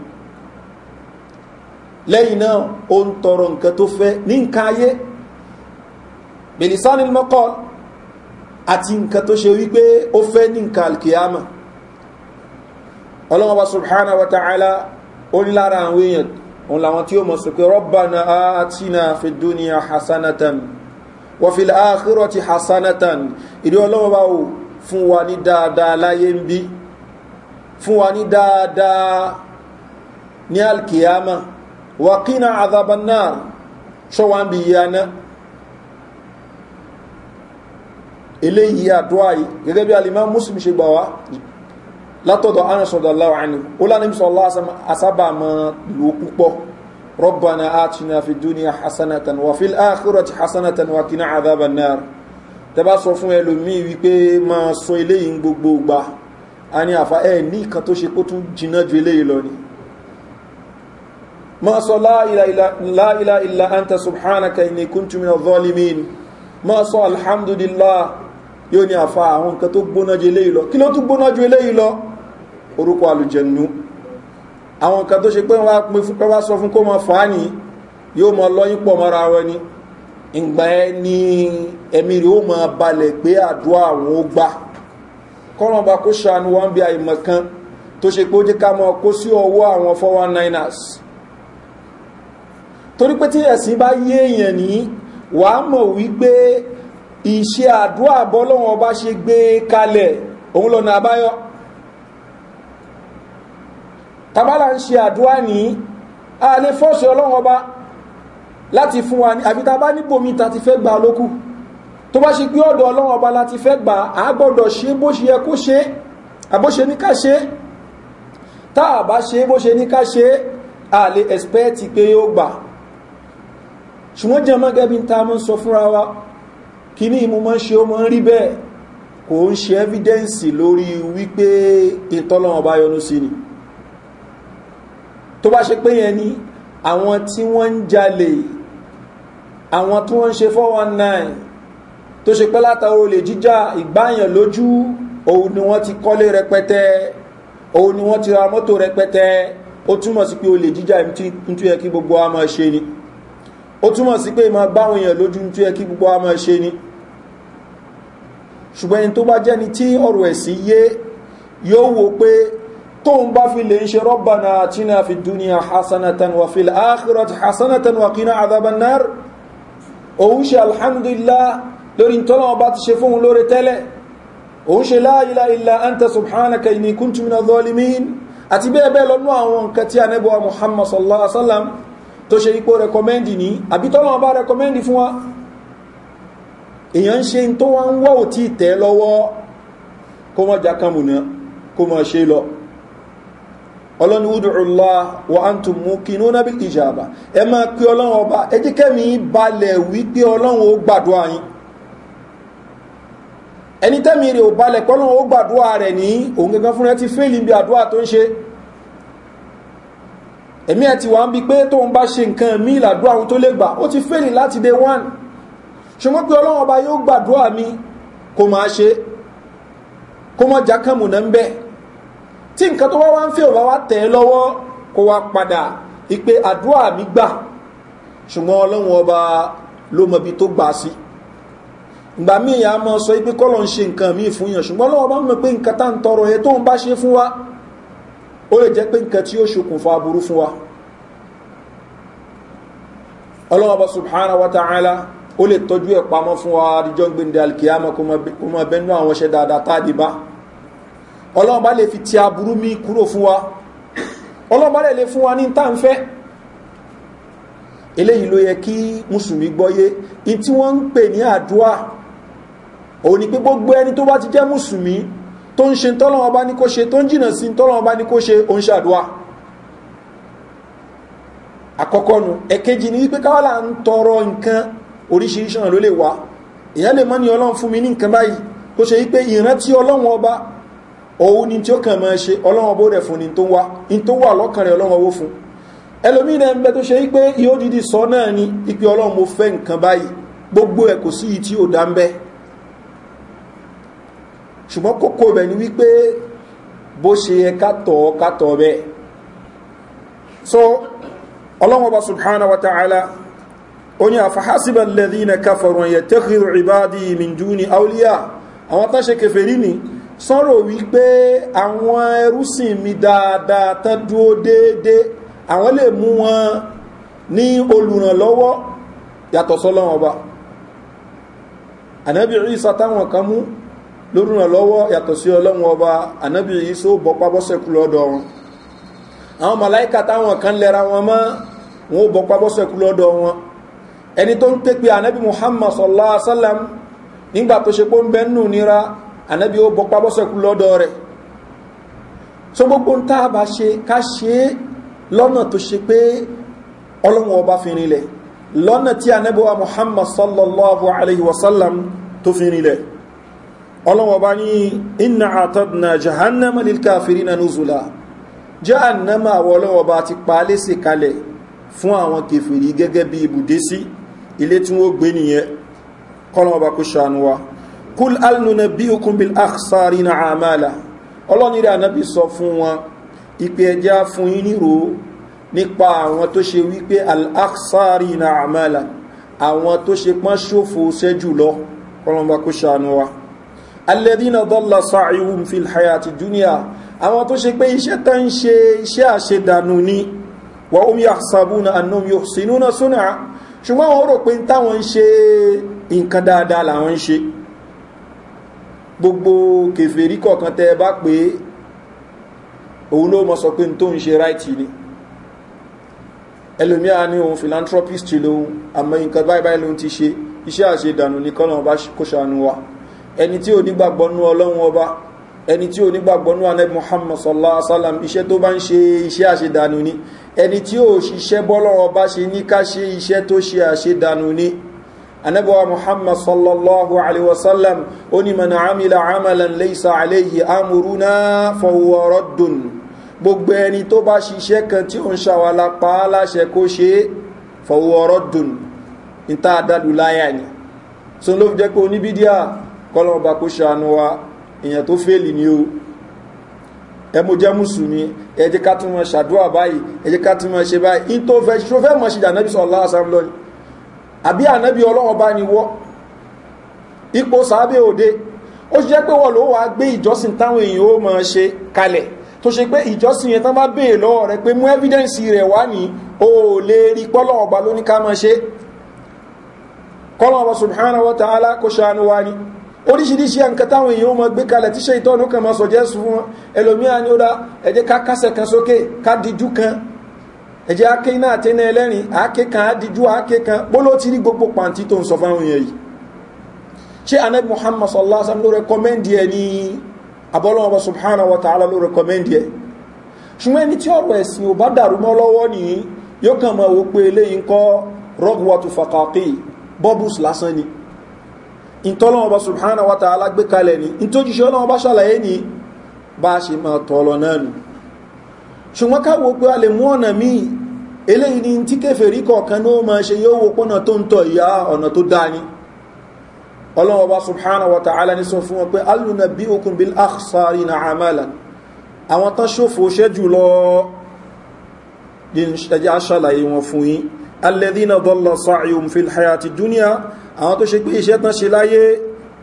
lẹ́yìn náà ó ń tọrọ nǹkan tó fẹ́ ní nǹkan ayé mọ́kọ́ àti nǹkan tó ṣe wípé ó fẹ́ ní nǹkan alkiyama ọlọ́wọ́ bá subhanahu wa ta'ala ó ń lára àwọn èèyàn òun làwọn tí ó mọ̀ sí pé rọ́bàna àtìna fi dúnìyà hasanatan wọ́n fi láàkírọ̀ ti hasanatan ìdí ọlọ́wọ́ bá wò fún wa ní dáadáa láyé ń bí fún wa ní dáadáa ní alkiyama wà kínà àzàbánà ṣọ́wà ń bí yana eléyìí àdúrà gẹ́gẹ́ bí alimá muslim ṣe gbà wá látọ̀dọ̀ anasọ̀dọ̀láwà ẹni ó lánàá sọ̀lá asábà mọ́ lò púpọ̀ rọ́bàna àtúnyà fi dúnìyà hasanatan wà fíl áàkúrọ̀ ti hasanatan wà kí náà àdábà náà tẹ́bá sọ fún ẹlòmíì wípé ma sọ eléyìí gbogbo gbà a ní àfá ẹ̀ ní ìkan tó ṣe kó tún jiná ju eléyìí lọ ni ma sọ láìláìlá yóò ní àfa àwọn nǹkan tó gbóná ju eléyìí lọ kí ló tún gbóná ju eléyìí lọ orúkọ àlùjẹ̀nù àwọn nǹkan tó ṣe pé wọ́n pín fún pẹ́wàá sọ fún kó mọ fàá ní yóò mọ lọ́yìn pọ̀ mọ́ra wọn ni ìgbà ẹ ní ẹ̀mí rẹ̀ ó mọ balẹ̀ pé àdúrà àwọn ó gbà kọ́ràn bá kó ṣàánú wọn bí àìmọ̀ kan tó ṣe pé ó jẹ́ ká mọ kó sí ọwọ́ àwọn 419ers torí pé tí ẹ̀sìn bá yé èèyàn ní wàá mọ̀ wípé ìṣe àdúrà bọ́lọ́wọ́n ọba ṣe gbé kalẹ̀ òun lọ́nà àbáyọ́ tàbálà ń ṣe àdúrà ní a lè fọ́ọ̀ṣì ọlọ́wọ́n ọba láti fún wa ní àfitàbá níbòmí ta ti fẹ́ gba olókù tó bá ṣe pé ọ̀dọ̀ ọlọ́wọ́n ọba láti fẹ́ gba a gbọ́dọ̀ ṣe bó ṣe yẹ kó ṣe àbóṣe ní ká ṣe tá a bá ṣe bó ṣe ní ṣe a lè pé yóò gbà ṣùgbọ́n jẹ́ mọ́gẹ́bí ta mọ́ sọ fúnra wa kí ní ìmú mọ́ ṣe ó mọ́ rí bẹ́ẹ̀ kò ń ṣe ẹ́fídẹ́ǹsì lórí wípé ìtọ́lọ́wọ́ bá yọnú sí ni tó bá ṣe pé yẹn ni àwọn tí wọ́n ń jalè àwọn tí wọ́n ń ṣe 419 tó ṣe pẹ́ látàrí olè jíjà ìgbáyàn lójú òun ni wọ́n ti kọ́lé rẹpẹtẹ òun ni wọ́n ti ra mọ́tò rẹpẹtẹ ó túmọ̀ sí pé olè jíjà ìmú tí ń kí gbogbo wa máa ṣe ni ó túnmọ̀ sí pé ma gbáwọn èèyàn lójú tó yẹ kí gbogbo a máa ṣe ni ṣùgbọ́n ẹni tó bá jẹ́ni tí ọ̀rọ̀ ẹ̀sí yé yóò wo pé tóun bá fi lè ń ṣe rọ́bàna tí na fi dúnìyà hasanatan wa fi l'áàkìrọ̀tì hasanatan wa kí náà àdábanar òun ṣe alhamdulillah lórí tọ́lọ́wọ́ bá ti ṣe fún tó ṣe ipò rẹkọmẹ́ndì ní àbí tọ́lọ́wọ́n bá rẹkọmẹ́ndì fún wa èyàn ń ṣe tó wá ń wọ́ ò tí tẹ́ lọ́wọ́ kó mọ́ jakamùnà kó mọ́ ṣe lọ ọlọ́ni wúdùrùlá wa á ń tún mú kí inú nábí ìjàmbá ẹ máa pé ọlọ́run ọba ẹjíkẹ́mi balẹ̀ wípé ọlọ́run ó gbàdúrà yín ẹni tẹ́mi rè ò balẹ̀ pọ́lọ́run ó gbàdúrà rẹ̀ ní òun gẹ́gẹ́ fúnra ti fẹ́ẹ̀lì bí àdúrà tó ń ṣe ẹ̀mí ẹ̀ ti wà ń bí pé tóun bá ṣe nǹkan mí ìlàdúrà ohun tó lè gbà ó ti fẹ́lì láti day one ṣùgbọ́n pé ọlọ́run ọba yóò gbàdúrà mi kò máa ṣe kó mọ́ jákàmùnà ń bẹ́ tí nǹkan tó wá wá ń fẹ́ òbá wá tẹ̀ lọ́wọ́ kó wá padà ìpè àdúrà mi gbà ṣùgbọ́n ọlọ́run ọba ló mọbi tó gbà sí ìgbà míì yà á mọ sọ pé kọ́lọ̀ ń ó lè jẹ́ pé nǹkan tí ó ṣokùnfà aburú fún wa ọlọ́wọ́ba subhana wa ta'ala ó lè tọ́jú ẹ̀ pamọ́ fún wa àdíjọ́ gbìndẹ̀ alkiyama kó mọ bẹ́nu àwọn ṣẹ́ dáadáa táàdì bá ọlọ́wọ́ba lè fi ti aburú mi kúrò fún wa ọlọ́wọ́ba lè lè fún wa ní táǹfẹ́ eléyìí ló yẹ kí musulmi gbọ́yé in tí wọ́n ń pè ní àdúrà òun ni pé gbogbo ẹni tó bá ti jẹ́ musulmi. tó ń ṣe tọ́lọ́wọ́ bá ní kó ṣe tó ń jìnà sí tọ́lọ́wọ́ bá ní kó ṣe ó ń ṣàdúwà àkọ́kọ́ nu ẹ̀kejì ní wípé káwàlà ń tọrọ nǹkan oríṣiríṣi ọ̀nà ló lè wá ìyá lè mọ́ ní ọlọ́run fún mi ní nǹkan báyìí tó ṣe wípé ìrántí ọlọ́run ọba òun ni tí ó kàn máa ṣe ọlọ́run ọbó rẹ̀ fún ṣùgbọ́n kókó bẹ̀ ni wípé bó ṣe yẹ kátọ̀ kátọ̀ bẹ́ so ọlọ́wọ́ba subhanahu wa ta'ala ó ní àfahásíbà lẹ́dí na káfàrún yẹ tẹ́kìrì ìbádí mìjú ni aulia àwọn tán ṣe kẹfẹ̀rí ni sọ́rọ̀ wípé àwọn ẹrúsìn mi dáadáa tán dúó déédé àwọn lè mú wọn ní olùrànlọ́wọ́ yàtọ̀ sọ́lọ́wọ́ba ànábì ìsà kan mú lórúnlọ́wọ́ yàtọ̀ sí ọlọ́run ọba ànábì ìsó bọ́pá bọ́sẹ̀kù lọ́dọ̀ wọn àwọn màláìka táwọn kan lẹ́ra wọn mọ́ wọn ó bọ́pá bọ́sẹ̀kù lọ́dọ̀ wọn ẹni tó ń pèpè ànábì muhammad sallallahu alaihi wasallam nígbà tó ṣe pó ń bẹ́nu nira ànábì ó bọ́pá bọ́sẹ̀kù lọ́dọ̀ rẹ̀ so gbogbo ń tá a bá ṣe ká ṣe lọ́nà tó ṣe pé ọlọ́run ọba fi rinlẹ̀ lọ́nà tí ànábì wa muhammad sallallahu alaihi wasallam tó fi rinlẹ̀ ọlọ́wọ́ bá ní iná àtọ́dùnà jahannama lilkafiri na nuzula jahannama àwọn ọlọ́wọ́ bá ti pa lẹ́sì kalẹ̀ fún àwọn kèfèrí gẹ́gẹ́ bí ibùdé sí ilé tí wọ́n gbé nìyẹn kọ́lọ́wọ́ bá kó ṣàánú wa kúl alnuna bí okun bá kó ṣàánú alẹ́dínà dọ́là sa'ihun fi hayati duniya àwọn tó ṣe pé iṣẹ́ tán ṣe iṣẹ́ àṣedànù ni wà ó yà sàbúnà annum yóò sínú na súnà ṣùgbọ́n wọ́n rò pé táwọn ń ṣe nǹkan dáadáa làwọn ń ṣe gbogbo kèfèrí kọ̀ọ̀kan tẹ́ bá pé òun ló mọ́ sọ pé tó ń ṣe ráìtì ni ẹlòmíà ní òun philanthropist lòun àmọ́ nǹkan báyìí báyìí lòun ti ṣe iṣẹ́ àṣedànù ni kọ́nà bá kó ṣàánú wa ẹni tí ò nígbàgbọ́ nú ọlọ́run ọba ẹni tí ò nígbàgbọ́ nú anabi muhammad sallallahu alaihi wa sallam iṣẹ́ tó bá ń ṣe iṣẹ́ àṣedànù ni ẹni tí ò ṣiṣẹ́ bọ́lọ́rọ̀ bá ṣe ní ká ṣe iṣẹ́ tó ṣe àṣedànù ni anabi wa muhammad sallallahu alaihi wa sallam ó ní mọ̀nà amílà amalan leisa alaihi amuruna fọwọ́rọ́ dùn gbogbo ẹni tó bá ṣiṣẹ́ kan tí ó ń ṣàwàlá pa á láṣẹ kó ṣe é fọwọ́rọ́ dùn níta àdàlù láyà ni so ló fi jẹ́ pé oníbídíà kọ́lọ́wọ́ bá kó ṣàánú wa èèyàn tó fèèlì ni o ẹmú jẹ́ mùsùlùmí ẹjẹ́ ká tún mọ́ ṣàdúrà báyìí ẹjẹ́ ká tún mọ́ ṣe báyìí in tó fẹ́ ṣó fẹ́ mọ̀ ṣe jà nẹ́bí sọ̀rọ̀ láàṣà lọ ni àbí ànẹ́bí ọlọ́wọ́ bá ni wọ́ ipò sàábẹ̀ òde ó ṣe jẹ́ pé wọ́n subhanahu wa ta'ala kó ṣàánú wa ni oríṣiríṣi nǹkan táwọn èèyàn mọ̀ gbé kalẹ̀ tíṣẹ́ ìtọ́nù kan mọ́ sọ̀jẹ́ sùn wọn ẹlòmíà ní ó dá ẹjẹ́ ká kásẹ̀ kan sókè ká dijú kan ẹjẹ́ áké iná àtẹ́nà ẹlẹ́rìn áké kan ádìjú áké kan bóló ti rí gbogbo pàǹtí tó ń sọ fáwọn èèyàn yìí ṣé anabi muhammad sallallahu alaihi wasallam ló rẹkọmẹ́ndì ẹ ní abọ́lọ́wọ́ bá subhanahu wa ta'ala ló rẹkọmẹ́ndì ẹ ṣùgbọ́n ẹni tí ọ̀rọ̀ ẹ̀sìn ò bá dàrú mọ́ lọ́wọ́ nìyí yóò kàn mọ̀ wò pé eléyìí ń kọ́ rọ́gùwàtú fàkàkì bọ́bùs lásán ni ìtọ́lọ́wọ́ bá subhanahu wa ta'ala gbé kalẹ̀ ní ìtọ́jíṣẹ́ ọlọ́wọ́ bá ṣàlàyé ní bá ṣe máa tọ́lọ náà nù ṣùgbọ́n káwò pé a lè mú ọ̀nà míì eléyìí ni tí kéfèrí kọ̀ọ̀kan ní ó máa ṣe yóò pọ́nà tó ń tọ̀ ìyá ọ̀nà tó dá alẹ́dínà dọ́lọ sáàyùn fi àyà ti dúníà àwọn tó ṣe pé iṣẹ́ tán ṣe láyé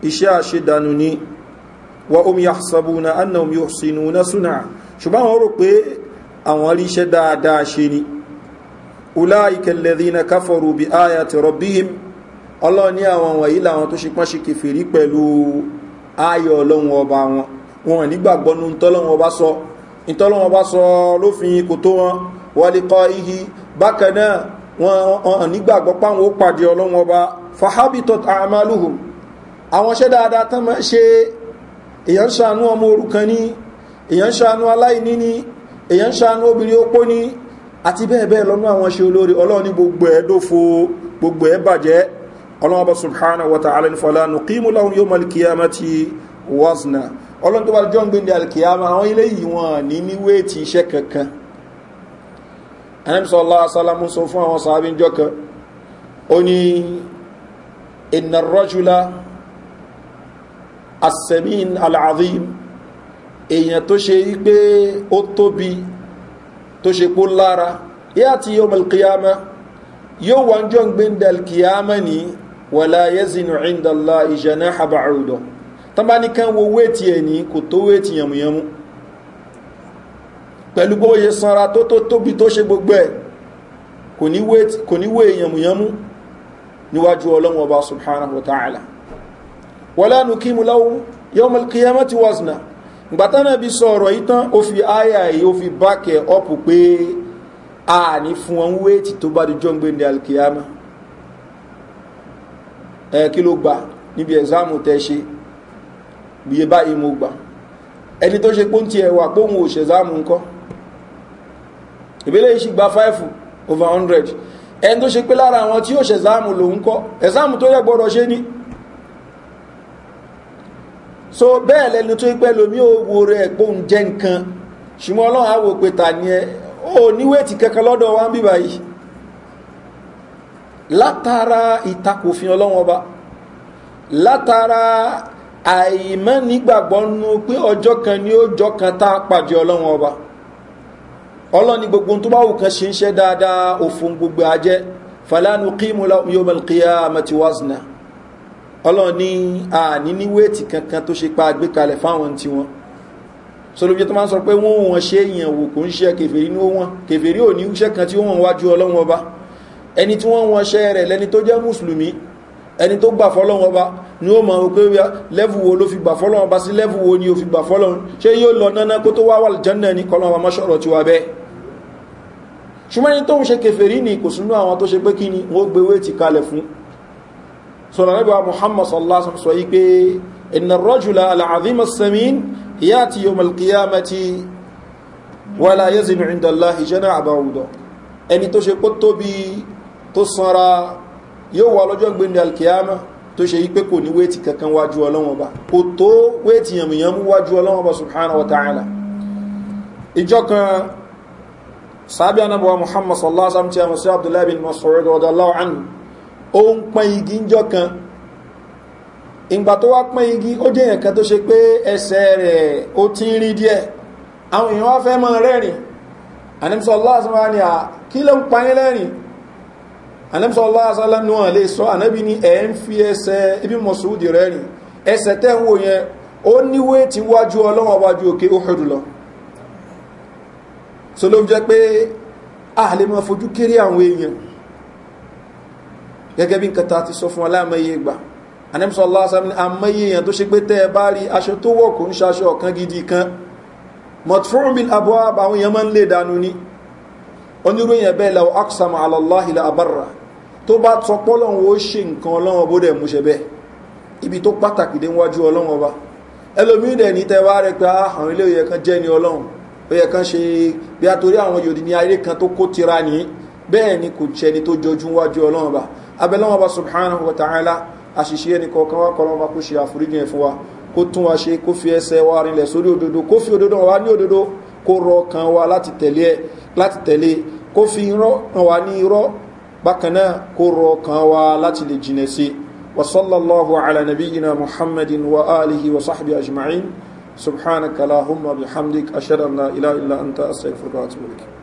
iṣẹ́ àṣedànù ni wa omi yàṣàbùnà anna omi òsìnú na súnà ṣùgbọ́n àwọn rò pé àwọn rí iṣẹ́ dáadáa ṣe ni ulá ikẹ̀lẹ́dínà káfọ̀rù bí àyà ti rọ̀bíhìm ọlọ́ni àwọn wọ̀nyí làwọn tó ṣe pọ́n ṣe kèfèrí pẹ̀lú ayọ̀ ọlọ́run ọba wọn wọn wọn nígbàgbọ́ páwọn ó pàdé ọlọ́wọ́n ọba fahabitot amaluhum àwọn ṣẹ́ dáadáa tán máa ṣe èyàn ṣàánú ọmọ orúkan ní èyàn ṣàánú aláìní ní èyàn ṣàánú obìnrin opó ní àti bẹ́ẹ̀ bẹ́ẹ̀ lọ́nà àwọn ṣe olóri ọlọ́ni gbogbo ẹ̀ anamisọ́lá asálàmù sọ fún àwọn sàábí jọ kan ó ní iná rọ́júlá asẹ̀mín al'adhim èèyàn tó ṣe yí pé ó tóbi tó ṣe pó lára yá ti yóò malkiyama yóò wà ń jọ ń gbé dalkiyama ni wàlá yẹ́zinu ìndàlá ìṣẹ̀nà àbàrúdọ̀ tán bá pẹ̀lú bó yẹ sanra tó tó tóbi tó ṣe gbogbo ẹ̀ kò ní wé èyàmùyánmú níwájú ọlọ́run ọba subhanahu wa ta'ala wọlá nù kí mú láwú yọmọl kíyàmọ́ ti wọ́sùnà gbàtánà bí sọ̀rọ̀ ìtàn ó fi àyà yìí ó fi bákẹ̀ ọpù pé a ní fún wọn wéètì tó bá di jọ́ngbé ní alkiyama ẹ kí ló gbà níbi ẹni tó ṣe pé ẹ̀wà pé òun ò nǹkan ìbílẹ̀ yìí sì gba five over hundred ẹni tó ṣe pé lára àwọn tí yóò ṣe ẹ̀sáàmù lòun kọ́ ẹ̀sáàmù tó yẹ gbọ́dọ̀ ṣe ní so bẹ́ẹ̀ lẹni tó pẹ́ lomi ò wo rẹ̀ pé òun jẹ́ nǹkan ṣùgbọ́n ọlọ́run á wò pé ta ni ẹ ò níwèétì kankan lọ́dọ̀ wa ń bíbá yìí látara ìtakòfin ọlọ́run ọba látara àìmọ́ nígbàgbọ́ nú pé ọjọ́ kan ni ó jọ kan tá a pàdé ọlọ́run ọba ọlọ́ni gbogbo tó bá wùkan ṣe ń ṣe dáadáa òfin gbogbo ajẹ́ falanu kímúlá yomalkiya matiwazna ọlọ́ni àní ní wéètì kankan tó ṣe pa àgbékalẹ̀ fáwọn tí wọn solobijẹ tó máa ń sọ pé wọ́n wọ́n ṣe èèyàn wò kò ń ṣe kèfèrí ní wọ́n kèfèrí ò ní ṣe kan tí wọ́n wájú ọlọ́wọ́n ọba ni ó ma wípé lẹ́fù wo ló fi gbà fọ́lọ́wọ́n ọba sí lẹ́fù wo ni ó fi gbà fọ́lọ́wọ́n ṣe yóò lọ náná kó tó wá wà jẹ́nà ní kọlọ́wọ́n mọ́ṣọ́rọ̀ tí wà bẹ́ẹ̀ ṣùgbọ́n yí tó ń ṣe kèfèrí ní kò súnú àwọn tó ṣe pé kí ni wọ́n gbé wé ti kalẹ̀ fún sọ̀rọ̀ nígbà muhammad sallallahu sọ yí pé iná rọ́jùlá al'azimar samin ya ti yóò malkiyamati wala yẹ́ zinu indala ìjẹ́nà àbáwùdọ̀ ẹni tó ṣe pó tóbi tó sanra yóò wà lọ́jọ́ gbẹ̀ndẹ̀ alkiyama tó ṣe ìjọ kan sábẹ́ anábọ̀wá muhammad sallallahu alaihi wasallam ti àmọ̀ sí abdullahi bin masoud ọ̀dọ̀láwà ánù ó ń pẹ́ igi ń jọ kan ìgbà tó wá pẹ́ igi ó jẹ́ èèyàn kan tó ṣe pé ẹsẹ̀ rẹ̀ ó ti ń rí díẹ̀ àwọn èèyàn wá fẹ́ mọ́ rẹ́rìn anamsọ̀ allah asọ́lá ni à kí ló ń payín lẹ́rìn anamsọ̀ allah asọ́lá ni wọ́n lè sọ anábì ni ẹ̀ ń fi ẹsẹ̀ ibi so ló jẹ́ pé a lè máa fojú kéré àwọn èèyàn gẹ́gẹ́ bí nǹkan ta ti sọ fún aláàmọ́yé ìgbà anẹ́mùsọ̀ aláàsámi àmọ́yé èèyàn tó ṣe pé tẹ́ ẹ bá rí aṣọ tó wọ̀ kò ń ṣaṣọ ọ̀kan gidi kan mọ̀tífọ́nbìn àbọ̀ àbáwọn èèyàn máa ń lè dànù ní oníròyìn ẹ̀bẹ́ ìlà ọ̀ksàmà alọ́láhìlà àbára tó bá tọpọ́ lọ́wọ́ ó ṣe nǹkan ọlọ́wọ́ ah, bó ó yẹ kán ṣe bí a torí àwọn yòdì ní ayé kan tó kó tira ní bẹ́ẹ̀ ni kò jẹni tó jọjú wájú ọlọ́run ba abẹ́lọ́wọ́n subhanahu wa ta'ala àṣìṣe ẹni kọ̀ọ̀kan wá kọ́lọ́wọ́n ba kó ṣe àforíjì ẹ̀ fún wa kó tún wa ṣe kó fi ẹsẹ̀ wa rinlẹ̀ sórí òdodo kó fi òdodo wa ní òdodo kó rọ kan wa láti e, ala nabiyyina muhammadin wa alihi wa sahbihi ajma'in سبحانك اللهم بحمدك أشهد أن لا إله إلا أنت أستغفرك وأتوب إليك